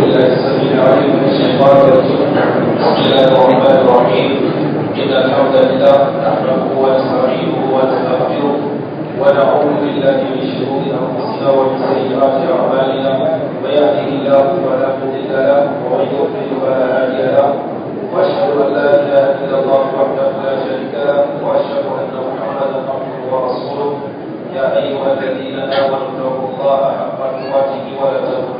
بالله السميع العليم من بسم الله الرحمن الرحيم إن الحمد لله نحمده ونستعينه ونستغفره ونعوذ بالله من شرور أنفسنا ومن سيئات أعمالنا من يهده الله فلا له ومن يضلل فلا له وأشهد أن لا إله إلا الله وحده لا شريك له وأشهد أن محمدا عبده ورسوله يا أيها الذين آمنوا اتقوا الله حق تقاته ولا تموتن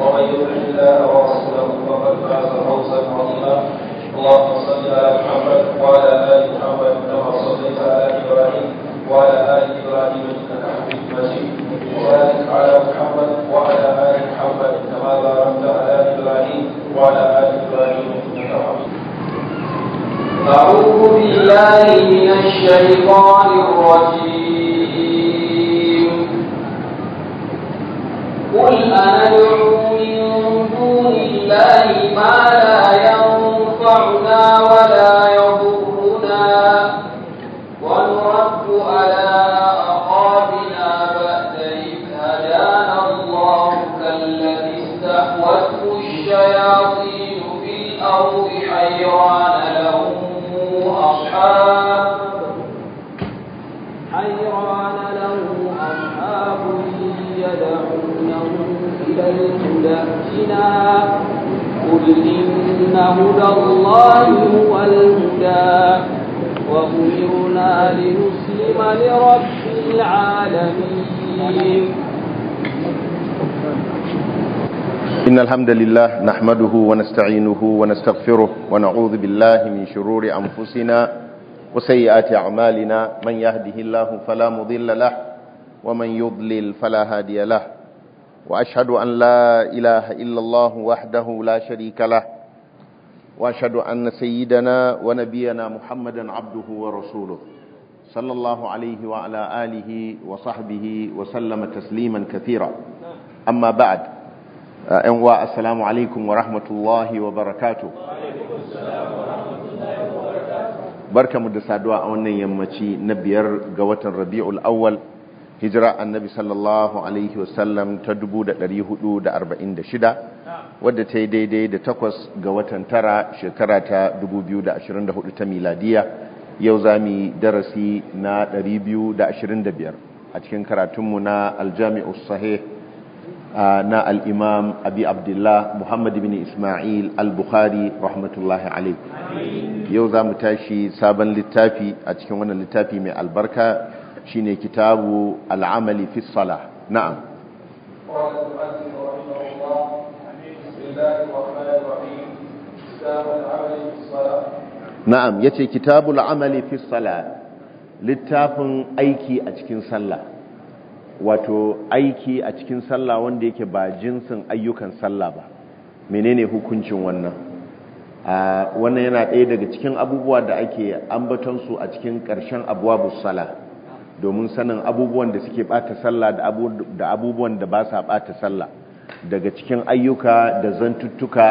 ومن يطع الله ورسوله فقد فاز فوزا عظيما اللهم صل على محمد وعلى ال محمد كما صليت على ابراهيم وعلى ال ابراهيم انك حميد مجيد وبارك على محمد وعلى ال محمد كما باركت على ابراهيم وعلى ال ابراهيم انك حميد أعوذ بالله من الشيطان الرجيم قل أندعو من دون الله ما لا ينفعنا ولا بالهدى قل إن هدى الله هو الهدى وأمرنا لنسلم لرب العالمين إن الحمد لله نحمده ونستعينه ونستغفره ونعوذ بالله من شرور أنفسنا وسيئات أعمالنا من يهده الله فلا مضل له ومن يضلل فلا هادي له وأشهد أن لا إله إلا الله وحده لا شريك له وأشهد أن سيدنا ونبينا محمدا عبده ورسوله صلى الله عليه وعلى آله وصحبه وسلم تسليما كثيرا أما بعد أنواء السلام عليكم ورحمة الله وبركاته بركة مدسادوا أولا يمتي نبير قوة ربيع الأول hijira annabi sallallahu alaihi wasallam ta 446 wadda ta yi daidai da takwas ga watan tara shekara ta 2024 ta miladiya yau za mu darasi na 225 a cikin karatunmu na aljami'us sahih na al'imam abi abdullah muhammad bin ismail al-bukhari rahmatullahi alaihi yau za mu tashi sabon littafi a cikin wannan littafi mai albarka Shi ne kitabu al'amali fi tsala na'am na'am yace kitabu al'amali fi tsala littafin aiki a cikin sallah wato aiki a cikin sallah wanda yake ba jinsin ayyukan sallah ba menene hukuncin wannan wannan yana ɗaya daga cikin abubuwa da ake ambatansu a cikin ƙarshen abuwa bussala domin sanin abubuwan da suke bata sallah da abubuwan da ba sa bata sallah daga cikin ayyuka da zantuttuka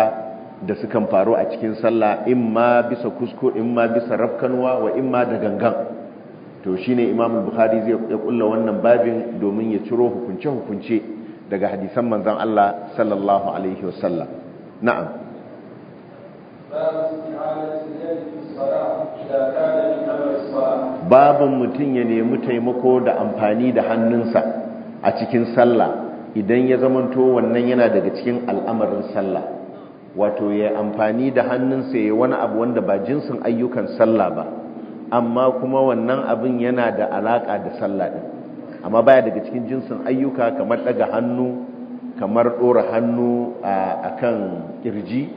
da sukan faru a cikin sallah in ma bisa kusko in ma bisa rafkanuwa wa in ma da gangan to shine imam bukhari zai ya kulla wannan babin domin ya ciro hukunce hukunce daga hadisan manzon Allah sallallahu alaihi wasallam na'am باب استعانة اليد بالصلاة babin mutum ya nemi taimako da amfani da hannunsa a cikin sallah idan ya zamanto wannan yana daga cikin al'amarin sallah wato ya amfani da hannunsa ya wani abu wanda ba jinsin ayyukan sallah ba amma kuma wannan abin yana da alaka da sallah din amma baya daga cikin jinsin ayyuka kamar daga hannu kamar ɗora hannu a kan ƙirji,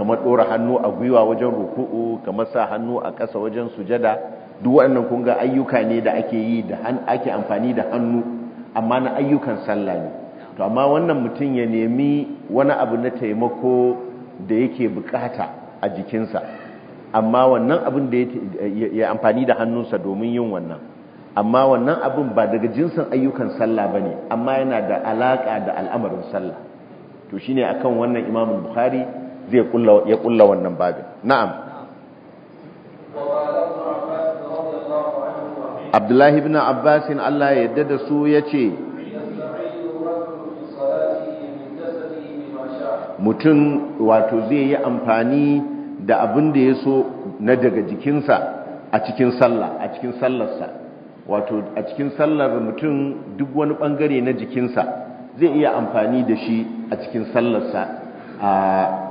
kamar ɗora hannu a gwiwa wajen ruku'u kamar sa hannu a ƙasa wajen sujada duk waɗannan kun ayyuka ne da ake yi da ake amfani da hannu amma na ayyukan sallah ne to amma wannan mutum ya nemi wani abu na taimako da yake bukata a jikinsa amma wannan abin da ya amfani da hannunsa domin yin wannan amma wannan abin ba daga jinsin ayyukan sallah ba ne amma yana da alaƙa da al'amarin sallah to shine akan wannan imamul bukhari zai ya kulla wannan babin na'am abdullahi ibn abbasin allah ya yarda da su ya ce mutum wato zai yi amfani da abin da ya so na daga jikinsa a cikin sallah a cikin sallarsa wato a cikin sallar mutum duk wani bangare na jikinsa zai iya amfani da shi a cikin sallarsa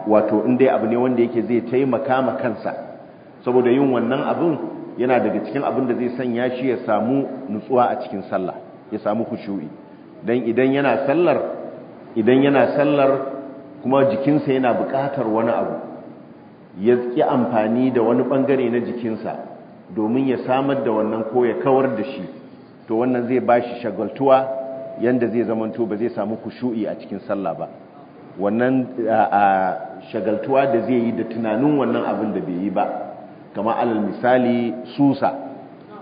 wato inda abu ne wanda yake zai taimaka ma kansa saboda yin wannan abin yana daga cikin abin da zai sanya shi ya samu nutsuwa a cikin sallah ya samu khushu'i dan idan yana sallar idan yana sallar kuma jikinsa yana buƙatar wani abu ya ki amfani da wani bangare na jikinsa domin ya samar da wannan ko ya kawar da shi to wannan zai bashi shagaltuwa yanda zai zamanto ba zai samu khushu'i a cikin sallah ba wannan shagaltuwa da zai yi da tunanin wannan abin da bai yi ba kamar alal misali susa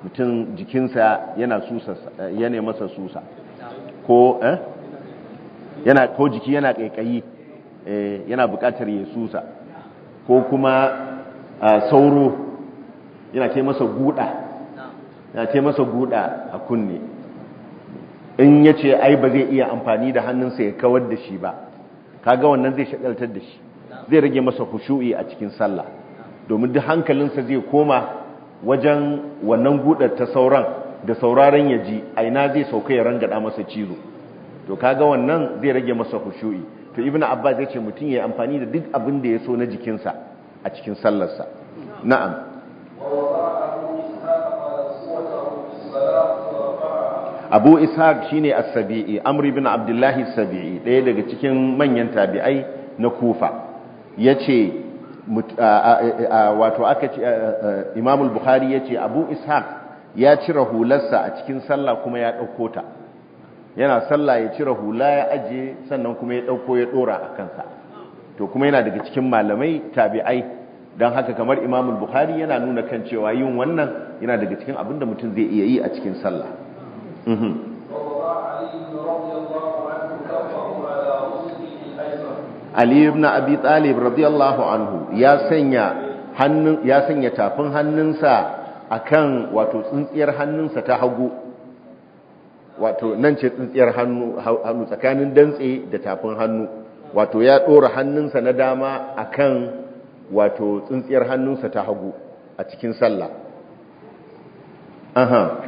mutum jikinsa yana susa yana masa susa ko eh? yana ko jiki yana kaikayi eh, yana bukatar ya susa ko kuma sauro yana ce masa guda yana ce masa guda a kunne in yace ai ba zai iya amfani da hannunsa ya kawar da shi ba kaga wannan zai shagaltar da shi zai rage masa hushu'i a cikin sallah domin duk hankalinsa zai koma wajen wannan gudar ta sauran da sauraron ya ji aina zai sauka ya rangada masa cizo to kaga wannan zai rage masa hushu'i to ibnu abbas yace mutun yayi amfani da duk abin da ya so na jikinsa a cikin sallarsa na'am abu ishaq shine as-sabi'i amr ibn abdullahi as-sabi'i daya daga cikin manyan tabi'ai na kufa yace wato aka ce imamul bukhari ya ce abu ishaq ya cire hularsa a cikin sallah kuma ya ɗauko ta yana sallah ya cire hula ya ajiye sannan kuma ya ɗauko ya ɗora a kansa to kuma yana daga cikin malamai tabi'ai don haka kamar imamul bukhari yana nuna kan cewa yin wannan yana daga cikin abin da mutum zai iya yi a cikin sallah mhm. Ali ibn Abi Talib radiyallahu anhu ya sanya hannun ya sanya tafin hannunsa akan wato tsintsiyar hannunsa ta hagu wato nan ce tsintsiyar hannu hannu tsakanin dantse da tafin hannu wato ya dora hannunsa na dama akan wato tsintsiyar hannunsa ta hagu a cikin sallah aha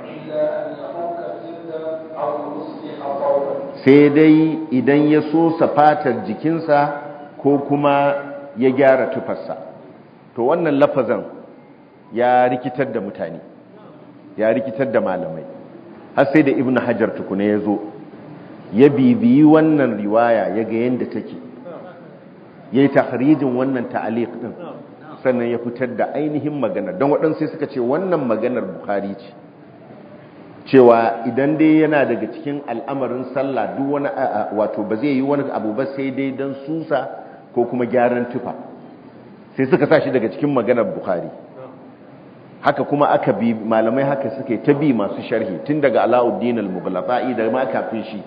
sai dai idan ya so safatar jikinsa ko kuma ya gyara tufarsa to wannan lafazan ya rikitar da mutane ya rikitar da malamai har sai da ibn hajar tukuna ya zo ya bibiyi wannan riwaya ya ga yadda take ya yi tahrijin wannan ta'aliq din sannan ya fitar da ainihin magana don waɗansu suka ce wannan maganar bukari ce cewa idan dai yana daga cikin al'amarin sallah duk wani wato ba zai yi wani abu ba sai dai dan susa ko kuma gyaran tufa sai suka sa shi daga cikin maganar bukhari haka kuma aka bi malamai haka suke ta bi masu sharhi tun daga ala'uddin al-mughlafa'i da ma kafin shi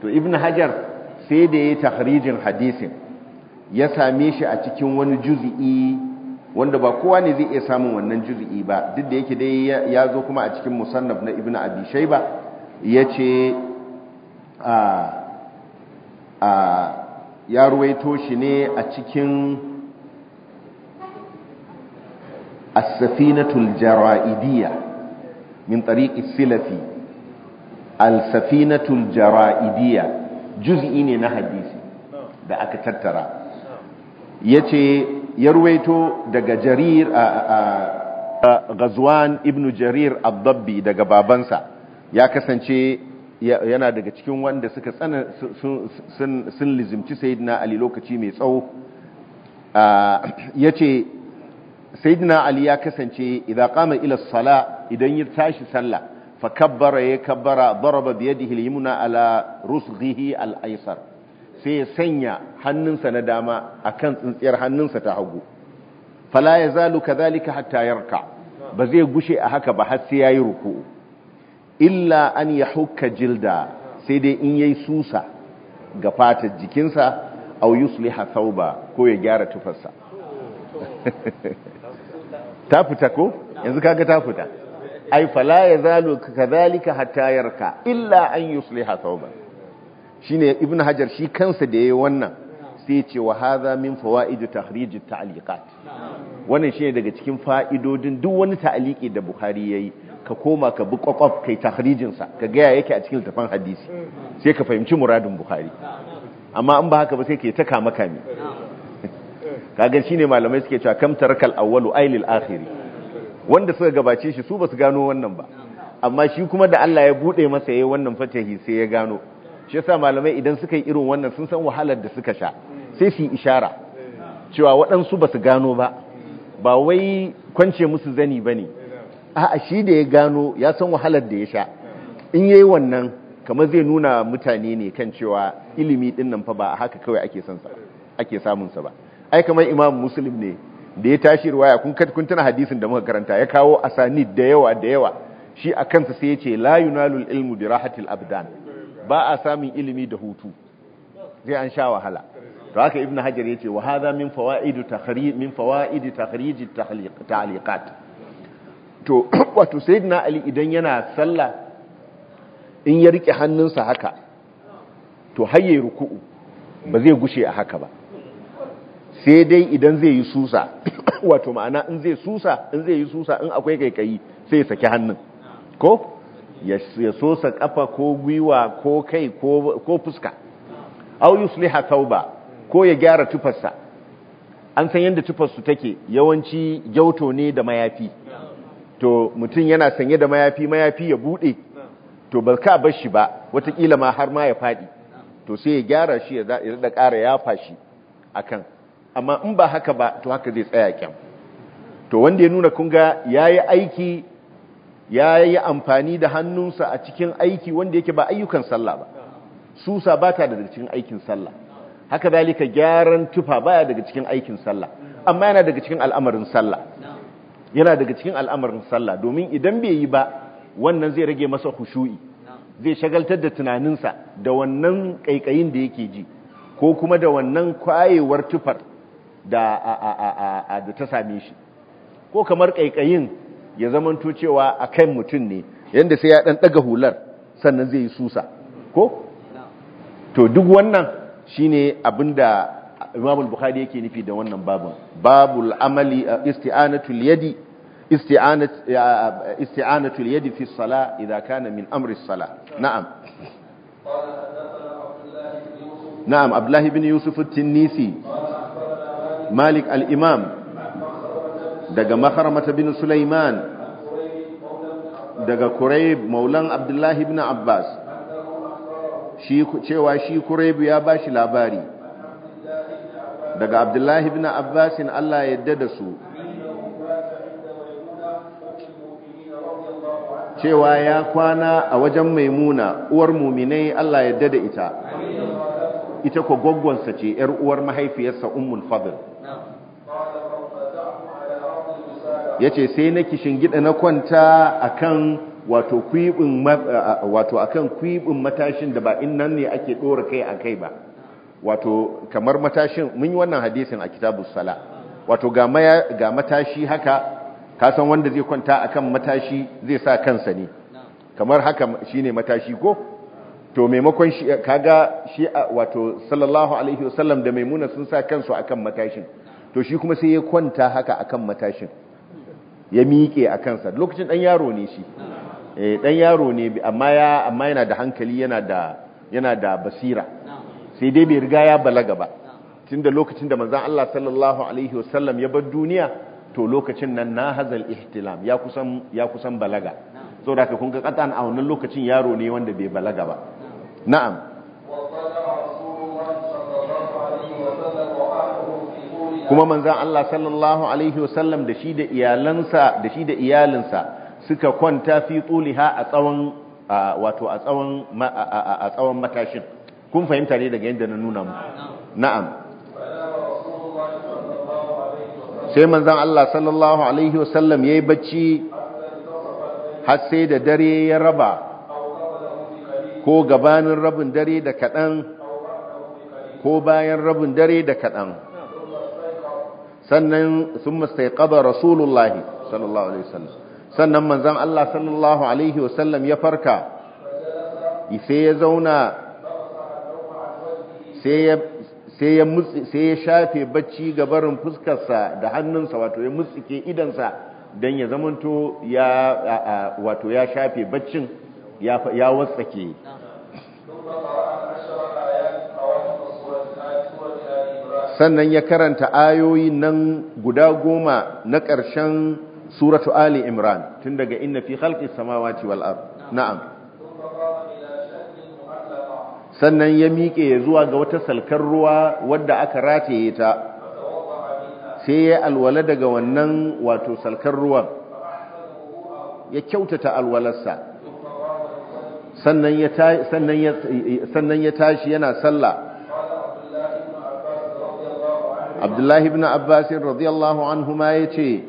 to ibnu hajar sai da yayi tahrijin hadisin ya same shi a cikin wani juz'i wanda ba kowa ne zai iya samun wannan juz'i ba duk da yake dai ya zo kuma a cikin musannaf na ibnu abi shayba yace a a ya ruwaito shi ne a cikin as-safinatul jara'idiyya min tariqi silafi al-safinatul jara'idiyya juz'i ne na hadisi da aka tattara yace ya ruwaito daga jarir a ghazwan ibn jarir abdabbi daga babansa ya kasance yana daga cikin wanda suka tsana sun lizimci sayidina ali lokaci mai tsawo yace sayidina ali ya kasance idan kama ila sala idan yi tashi sallah fa kabbara ya kabbara daraba bi da ala rusghihi al aisar sai ya sanya hannunsa na dama a kan tsintsiyar hannunsa ta hagu fala ya zalu zalika hatta yarka ba zai gushe a haka ba har ya yi ruku. illa an ya hukka jilda sai dai in yi susa ga fatar jikinsa a yusliha ba, ko ya gyara tufarsa ta fita ko yanzu kaga ta fita ai fala ya zalu kadhalika hatta yarka illa an yusliha ba. shi ne ibn hajar shi kansa da ya yi wannan sai ce wa haza min fawa'idu tahrij at wannan wannan ne daga cikin fa'idodin duk wani ta'liqi da bukhari yayi ka koma ka bi kwakwaf kai tahrijin sa ka gaya yake a cikin littafin hadisi sai ka fahimci muradin bukhari amma in ba haka ba sai ke ta kama kami kagan ne malamai suke cewa kam tarakal awwalu ailil akhiri wanda suka gabace shi su basu gano wannan ba amma shi kuma da Allah ya bude masa yayin wannan fatahi sai ya gano shi yasa malamai idan suka yi irin wannan sun san wahalar da suka sha sai su yi ishara cewa waɗansu ba su gano ba ba wai kwance musu zani ba ne a shi da ya gano ya san wahalar da ya sha in yayi wannan kamar zai nuna mutane ne kan cewa ilimi din nan fa ba haka kawai ake son samun ba ai kamar imam muslim ne da ya tashi riwaya kun kun tana hadisin da muka karanta ya kawo asanid da yawa da yawa shi a kansa sai ya ce la yunalul ilmu bi rahatil abdan ba a samun ilimi da hutu sai an sha wahala to haka ibnu hajar yace wa hadha min fawaidu takhrij min fawaidi takhrij at-ta'liqat to wato sayyidina ali idan yana sallah in ya rike hannunsa haka to hayye ruku'u ba zai gushe a haka ba sai dai idan zai yi susa wato ma'ana in zai susa in zai yi susa in akwai kaikayi sai ya saki hannun ko ya sosa kafa ko gwiwa ko kai ko fuska au yusliha thawba ko ya gyara tufarsa an san yadda tufarsu take yawanci gyauto ne da mayafi to mutum yana sanye da mayafi mayafi ya bude to bal ka bar shi ba watakila ma har ma ya fadi to sai ya gyara shi ya kara ƙara yafa shi akan amma in ba haka ba to haka zai tsaya kyam to wanda ya nuna kunga yi aiki ya yi amfani da hannunsa a cikin aiki wanda yake ba ayyukan sallah ba susa ba ta daga cikin aikin sallah haka dalika gyaran tufa baya daga cikin aikin sallah amma yana daga cikin al'amarin sallah yana daga cikin al'amarin sallah domin idan bai yi ba wannan zai rage masa khushu'i zai shagaltar da tunaninsa da wannan kaikayin da yake ji ko kuma da wannan kwayewar tufar da ta same shi ko kamar kaikayin ya zamanto cewa a kan mutum ne yadda sai ya ɗan ɗaga hular sannan zai yi susa ko? to duk wannan shine abinda imamul bukhari yake nufi da wannan babu babul amali isti'anatul yadi isti'anatul yadi fi sala idza kana min amri sala na'am na'am abdullahi bin yusuf at-tinisi malik al-imam daga maharmata bin Sulaiman daga Kurayb maulan Abdullahi ibn Abbas shi cewa shi Kurayb ya bashi labari daga Abdullahi ibn Abbas in Allah ya yadda da su cewa ya kwana a wajen Maimuna uwar muminai Allah ya yadda da ita ita ko gwaggwansa ce yar uwar mahaifiyarsa Ummul Fadl yace sai na gida na kwanta akan wato kwibin wato akan kwibin matashin da ba innan ne ake dora kai akai ba wato kamar matashin mun yi wannan hadisin a kitabus sala wato ga ga matashi haka ka san wanda zai kwanta akan matashi zai sa kansa ne kamar haka shine matashi ko to maimakon shi kaga shi wato sallallahu alaihi wasallam da maimuna sun sa kansu akan matashin to shi kuma sai ya kwanta haka akan matashin ya miƙe a kansa lokacin ɗan yaro ne shi eh, ɗan yaro ne amma yana da hankali yana da basira sai dai bai riga ya balaga ba tun da lokacin da manzan Allah sallallahu Alaihi wasallam ya bar duniya to lokacin nan na hazal ihtilam ya kusan balaga saboda ka kunga ƙatan a wannan lokacin yaro ne wanda bai balaga ba na'am kuma manzan Allah sallallahu alaihi wasallam da shi da iyalansa da shi da iyalinsa suka kwanta fi tuliha a tsawon wato a tsawon a tsawon matashin kun fahimta ne daga yadda na nuna mu na'am sai manzan Allah sallallahu alaihi wasallam yayi bacci har sai da dare ya raba ko gabanin rabin dare da kaɗan ko bayan rabin dare da kaɗan sannan sun mustaiqaba rasulullahi sallallahu alaihi wasallam sannan manzon Allah sallallahu alaihi wasallam ya farka sai ya zauna sai ya sai ya shafe bacci gabarin fuskarsa da hannunsa wato ya mutsike idansa don ya zamanto ya wato ya shafe baccin ya ya wasake sannan ya karanta ayoyi nan guda goma na ƙarshen suratu ali imran tun daga inna fi halƙin samawaci wal’ar. na'am sannan ya miƙe ya zuwa ga wata salkar ruwa wadda aka rataye ta sai ya alwala daga wannan wato salkar ruwan ya kyautata alwalarsa sannan ya tashi yana sallah abdullahi ibn abbas radiyallahu ma yace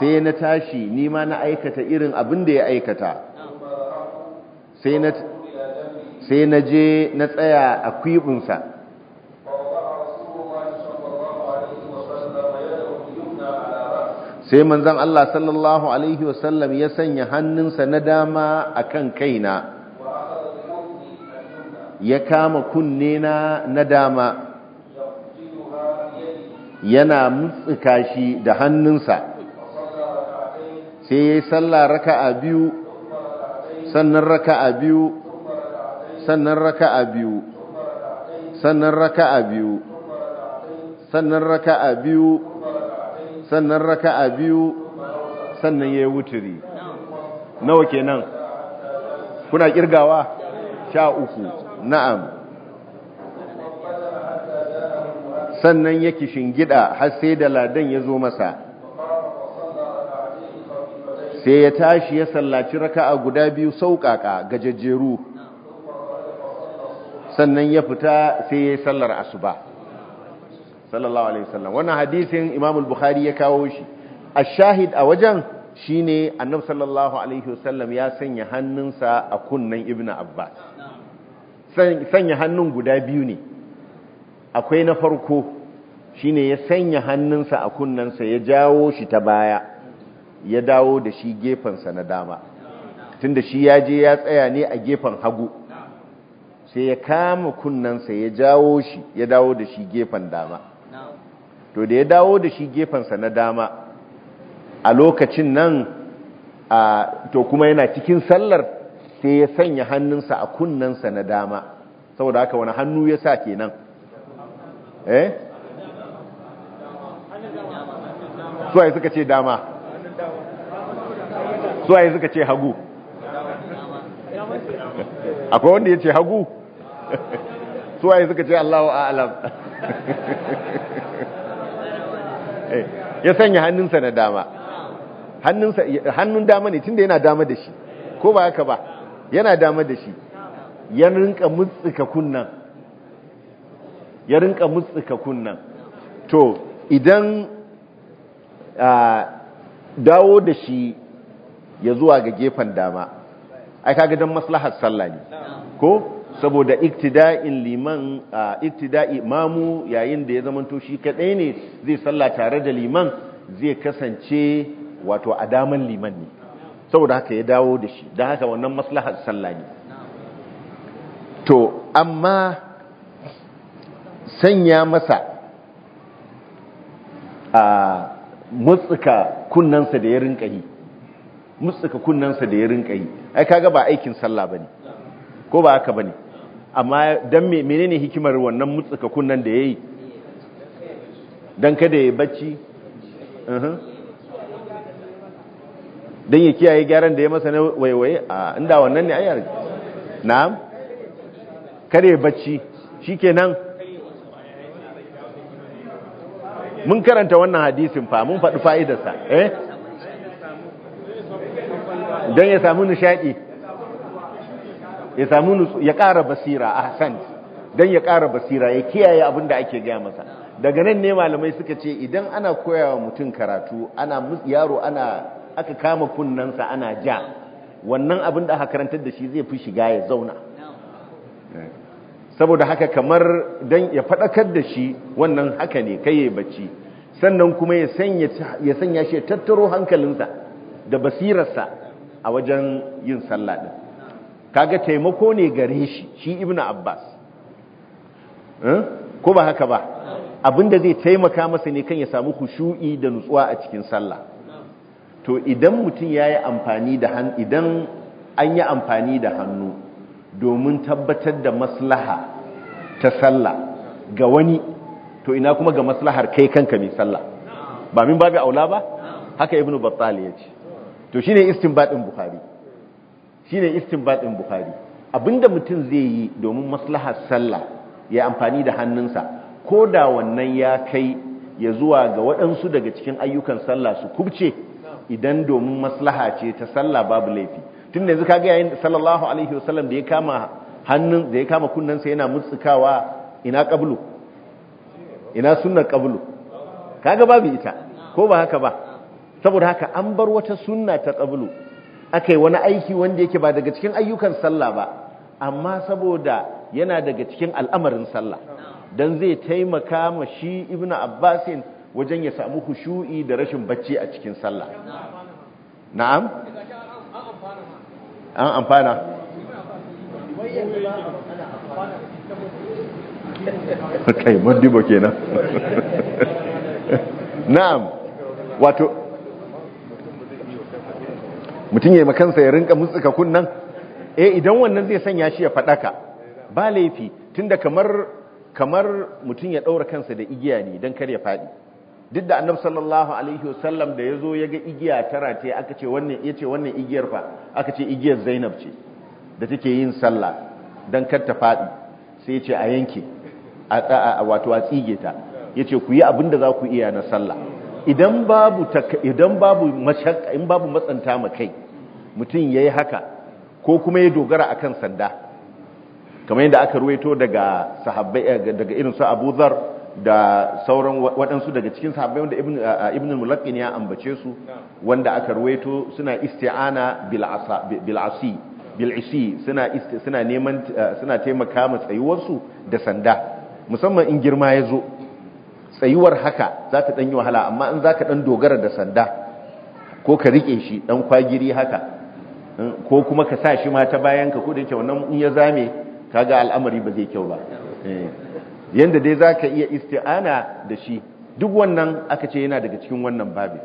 sai na tashi ni ma na aikata irin abin da ya aikata sai na sai na je na tsaya a kwibinsa sai manzon Allah sallallahu Alaihi wasallam ya sanya hannunsa na dama a kan kaina ya kama kunne na na dama yana mutsuka shi da hannunsa sai ya yi sallah a biyu sannan raka a biyu sannan raka a biyu sannan raka a biyu sannan raka a biyu sannan raka a biyu sannan ya yi wuturi nawa kenan kuna kirgawa sha uku na'am sannan kishin gida har sai da ladan ya zo masa sai ya tashi ya sallaci raka'a guda biyu sauƙaƙa jajjeru sannan ya fita sai ya yi sallar asuba sallallahu alaihi wasallam wannan hadisin imam al-bukhari ya kawo shi ash-shahid a wajen shine annabi sallallahu alaihi wasallam ya sanya hannunsa a kunnen Ibn abbas sanya hannun guda biyu ne akwai na farko shine ya sanya hannunsa a kunnensa ya jawo shi ta baya ya dawo da shi gefensa na dama tunda shi ya je ya tsaya ne a gefen hagu sai ya kama kunnensa ya jawo shi ya dawo da shi gefen dama to da ya dawo da shi gefensa na dama a lokacin nan to kuma yana cikin sallar sai ya sanya hannunsa a kunnensa na dama saboda haka wani hannu ya sa kenan eh waye suka ce dama waye suka ce hagu akwai wanda ya ce hagu waye suka ce allahu a'alam eh, ya sanya hannunsa na dama hannun dama ne tun da yana dama da shi ko ba haka ba yana dama da shi ya rinka mutsuka kunnan ya rinka mutsuka kunnan to idan dawo da shi ya zuwa ga gefen dama ai kaga dan maslahar sallah ne ko saboda iktida'in liman iktida'i mamu yayin da ya zamanto shi kadai ne zai sallah tare da liman zai kasance wato a daman liman ne saboda haka ya dawo da shi don haka wannan maslahar sallah ne to amma sanya masa a mutsuka kunnansa da ya rinka yi mutsuka kunnansa da ya rinka yi ai kaga ba aikin sallah bane ko ba haka bane amma dan menene hikimar wannan mutsuka kunnan da yayi dan kada ya bacci uh-huh. don ya kiyaye gyaran da ya masa na waiwaye a inda wannan ne ayyar na'am ya bacci shi nan? mun karanta wannan hadisin fa mun faɗi fa'idarsa eh? don ya samu nishaɗi ya samu ya ƙara basira a hassan don ya ƙara basira ya kiyaye abin da ake gaya masa daga nan ne malamai suka ce idan ana koyawa mutum karatu ana yaro ana aka kama kunnansa ana ja wannan abin da aka karantar da shi zai fi shiga ya zauna saboda haka kamar don ya faɗakar da shi wannan haka ne kai ya bacci sannan kuma ya sanya shi tattaro hankalinsa da basirarsa a wajen yin sallah ɗin kaga taimako ne gare shi shi ibnu abbas eh? ko ba haka ba abinda zai taimaka masa ne kan ya samu kushu'i da nutsuwa a cikin sallah to idan mutum ya amfani da hannu idan an yi amfani da hannu domin tabbatar da maslaha ta sallah ga wani to ina kuma ga maslahar kai kanka mai sallah ba min babu aula ba haka ibnu battal ya ce to shine istinbadin bukhari shine istinbadin bukhari abinda mutum zai yi domin maslahar sallah ya amfani da hannunsa ko da wannan ya kai ya zuwa ga waɗansu daga cikin ayyukan sallah su kubce idan domin maslaha ce ta sallah babu laifi tun da yanzu kaga yayin sallallahu alaihi wasallam da ya kama hannun da ya kama kunnansa yana mutsukawa ina qablu ina sunnar qablu kaga babu ita ko ba haka ba saboda haka an bar wata sunna ta qablu akai wani aiki wanda yake ba daga cikin ayyukan sallah ba amma saboda yana daga cikin al'amarin sallah dan zai taimaka ma shi ibnu abbasin wajen ya samu khushu'i da rashin bacci a cikin sallah na'am an amfana kai mandibo kenan na'am wato mutum ya makansa ya rinka mutsuka kunnan eh idan wannan zai sanya shi ya fadaka ba laifi tunda kamar kamar mutum ya daura kansa da igiya ne don kar ya fadi duk da annabi sallallahu alaihi wasallam da yazo yaga igiya tara ce aka ce wannan yace wannan igiyar fa aka ce igiyar Zainab ce da take yin sallah dan kar ta fadi sai yace a yanke a wato a tsige ta yace ku yi abinda za ku iya na sallah idan babu idan babu mashakka in babu matsanta ma kai mutum yayi haka ko kuma ya dogara akan sanda kamar yadda aka ruwaito daga sahabbai eh, daga irin su Abu Dharr da sauran waɗansu daga cikin sahabbai wanda ibn al-mulaqqin ya ambace su wanda aka ruwaito suna isti'ana bil asa suna neman suna taimaka ma tsayuwarsu da sanda musamman in girma ya zo tsayuwar haka za ta dan yi wahala amma in zaka dan dogara da sanda ko ka rike shi dan kwagiri haka ko kuma ka sa shi ma ta bayan ka ko da yake in ya zame kaga al'amari ba zai kyau ba eh. yadda dai za ka iya isti'ana da shi duk wannan aka ce yana daga cikin wannan babin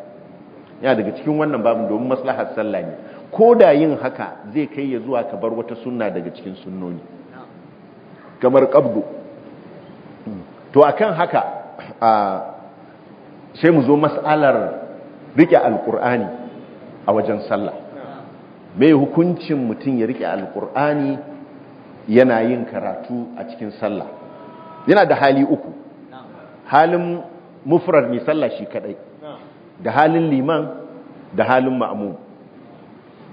ya daga cikin wannan babin domin maslahar sallah ne ko da yin haka zai kai ya zuwa ka bar wata sunna daga cikin sunnoni kamar ƙabdu to akan haka sai mu zo mas'alar rike Alƙur'ani a wajen sallah mai hukuncin mutum ya rike Alƙur'ani yana yin karatu a cikin sallah yana da hali uku halin mufrar mai sallah shi kadai da halin liman da halin ma'amu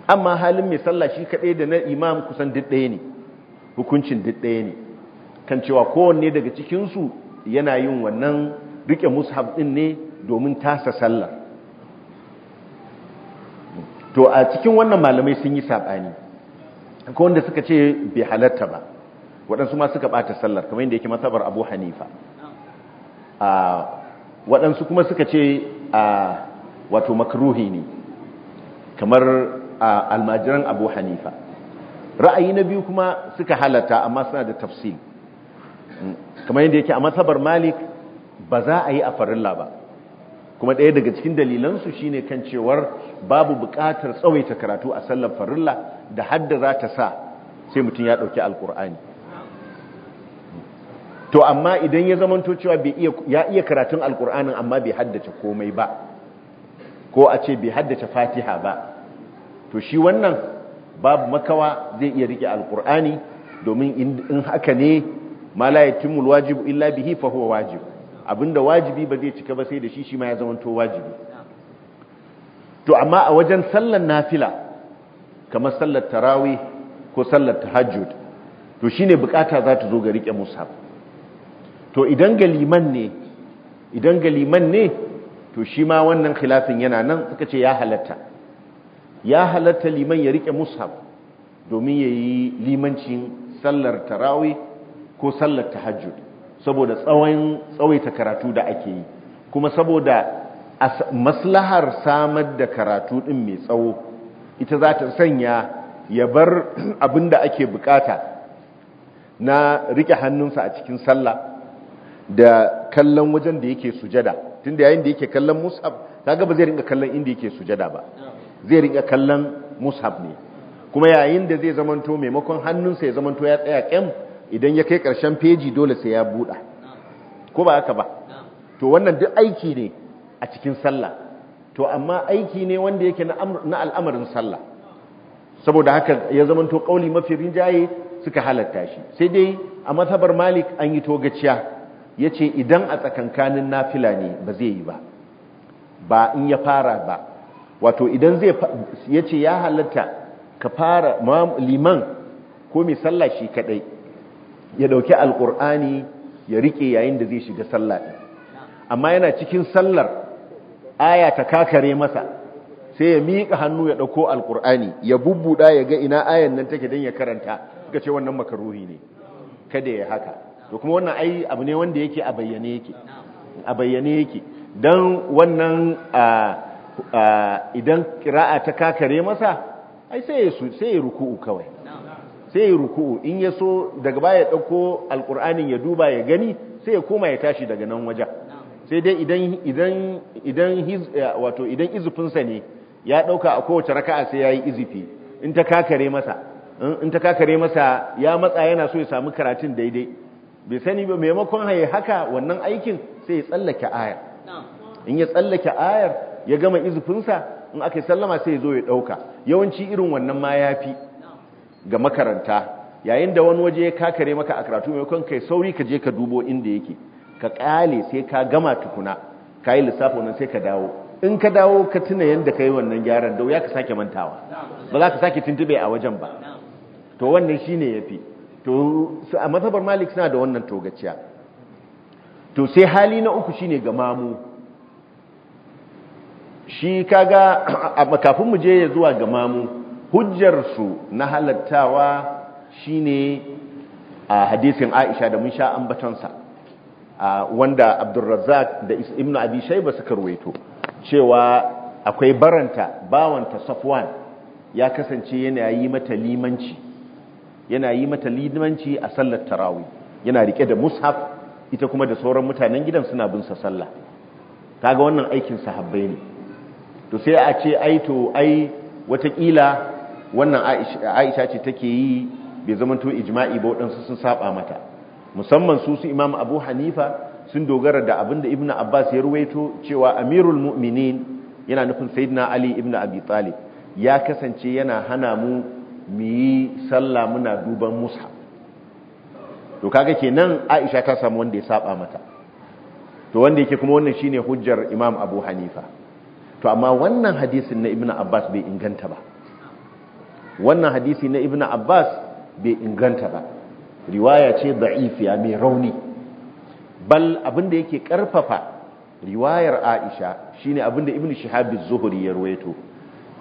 amma halin mai sallah shi kadai da na imam kusan duk ɗaya ne hukuncin duk ɗaya ne kan cewa kowanne daga cikinsu yana yin wannan rike mushaf ɗin ne domin tasa sallah to a cikin wannan malamai sun yi saɓani ko wanda suka ce bai halatta ba waɗansu ma suka ɓata sallar kamar yadda yake masabar abu hanifa waɗansu kuma suka ce wato makaruhi ne kamar almajiran abu hanifa ra'ayi na biyu kuma suka halatta amma suna da tafsil hmm, kamar yadda yake a masabar malik ba za a yi a farilla ba kuma ɗaya daga cikin dalilansu shine kan cewar babu buƙatar tsawaita karatu a sallar farilla da haddara ta sa sai mutum ya ɗauki alƙur'ani. to amma idan ya zamanto cewa ya iya karatun alkur'anin amma bai haddace komai ba ko a ce bai haddace fatiha ba to shi wannan babu makawa zai iya rike alkur'ani domin in haka ne ma la yatimul wajibu illa bihi fa huwa wajib abinda wajibi ba zai cika ba sai da shi shi ma ya zamanto wajibi to amma a wajen sallar nafila kamar sallar tarawih ko sallar tahajjud to shine bukata za ta zo ga rike mushaf to idan galiman ne idan galiman ne to shi ma wannan khilafin yana nan suka ce ya halatta ya halatta liman ya rike mushaf domin ya yi limancin sallar tarawi ko sallar tahajjud saboda tsawon tsawaita karatu da ake yi kuma saboda maslahar samar da karatu din mai tsawo ita za ta sanya ya bar abin da ake bukata na rike hannunsa a cikin sallah da kallon wajen da yake sujada tun tunda yayin da yake kallon mushaf kaga ba zai rinka kallon inda yake sujada ba zai rinka kallon mushaf ne kuma yayin da zai zamanto maimakon hannunsa ya zamanto ya tsaya kyam idan ya kai karshen feji dole sai ya buɗa ko ba haka ba to wannan duk aiki ne a cikin sallah to amma aiki ne wanda yake na al'amarin sallah saboda haka ya zamanto kauli mafi rinjaye suka halatta shi sai dai a matsabar malik an yi togaciya ya ce idan a tsakankanin nafila ne ba zai yi ba ba in ya fara ba wato idan zai ya ce ya halatta ka fara liman ko mai sallah shi kadai ya dauki alkur'ani ya rike yayin da zai shiga sallah din amma yana cikin sallar aya ta kakare masa sai ya miƙa hannu ya ɗauko alkur'ani ya bubbuɗa ya ga ina ayan nan take don ya karanta ga ce wannan makaruhi ne kada ya haka to kuma wannan ai abu ne wanda yake a bayyane yake a yake don wannan idan kira'a ta kakare masa ai sai ya ruku'u kawai sai ya ruku'u in ya so daga baya ɗauko alƙur'anin ya duba ya gani sai ya koma ya tashi daga nan wajen sai dai idan wato idan izufinsa ne ya ɗauka a kowace raka'a sai ya yi izufi in ta kakare masa in ta kakare masa ya matsa yana so ya samu karatun daidai bai sani ba maimakon haye haka wannan aikin sai ya tsallake ayar in ya tsallake ayar ya gama izufinsa in aka yi sallama sai ya zo ya ɗauka yawanci irin wannan ma ya fi ga makaranta yayin da wani waje ya kakare maka a karatu maimakon kai sauri ka je ka dubo inda yake ka ƙale sai ka gama tukuna ka yi lissafi wannan sai ka dawo in ka dawo ka tuna yadda ka yi wannan gyaran da ya ka sake mantawa ba za ka sake tuntube a wajen ba to wannan shine ya fi to a mazhabar malik suna da wannan togaciya to sai hali na uku shine ga mamu shi kaga kafin mu je ya zuwa ga mamu hujjarsu na halattawa shine a hadisin aisha da mun sha batonsa. wanda abdurrazzak da ibn abi ba suka ruwaito cewa akwai baranta bawanta safwan ya kasance yana yi mata limanci yana yi mata limanci a sallar tarawih yana rike da mushaf ita kuma da sauran mutanen gidan suna bin sa sallah kaga wannan aikin sahabbai ne to sai a ce ai to ai watakila wannan Aisha ce take yi bai zama zamanto ijma'i ba waɗansu sun saba mata musamman su su Imam Abu Hanifa sun dogara da abinda Ibn Abbas ya ruwaito cewa Amirul Mu'minin yana nufin Sayyidina Ali ibn Abi Talib ya kasance yana hana mu mu yi sallah muna duban musa to kaga kenan aisha ta samu wanda ya saba mata to wanda yake kuma wannan shine hujjar imam abu hanifa to amma wannan hadisin na ibnu abbas bai inganta ba wannan hadisi na ibnu abbas bai inganta ba riwaya ce da'ifiya mai rauni bal abinda yake karfafa riwayar aisha shine abinda ibnu shihab az-zuhri ya ruwaito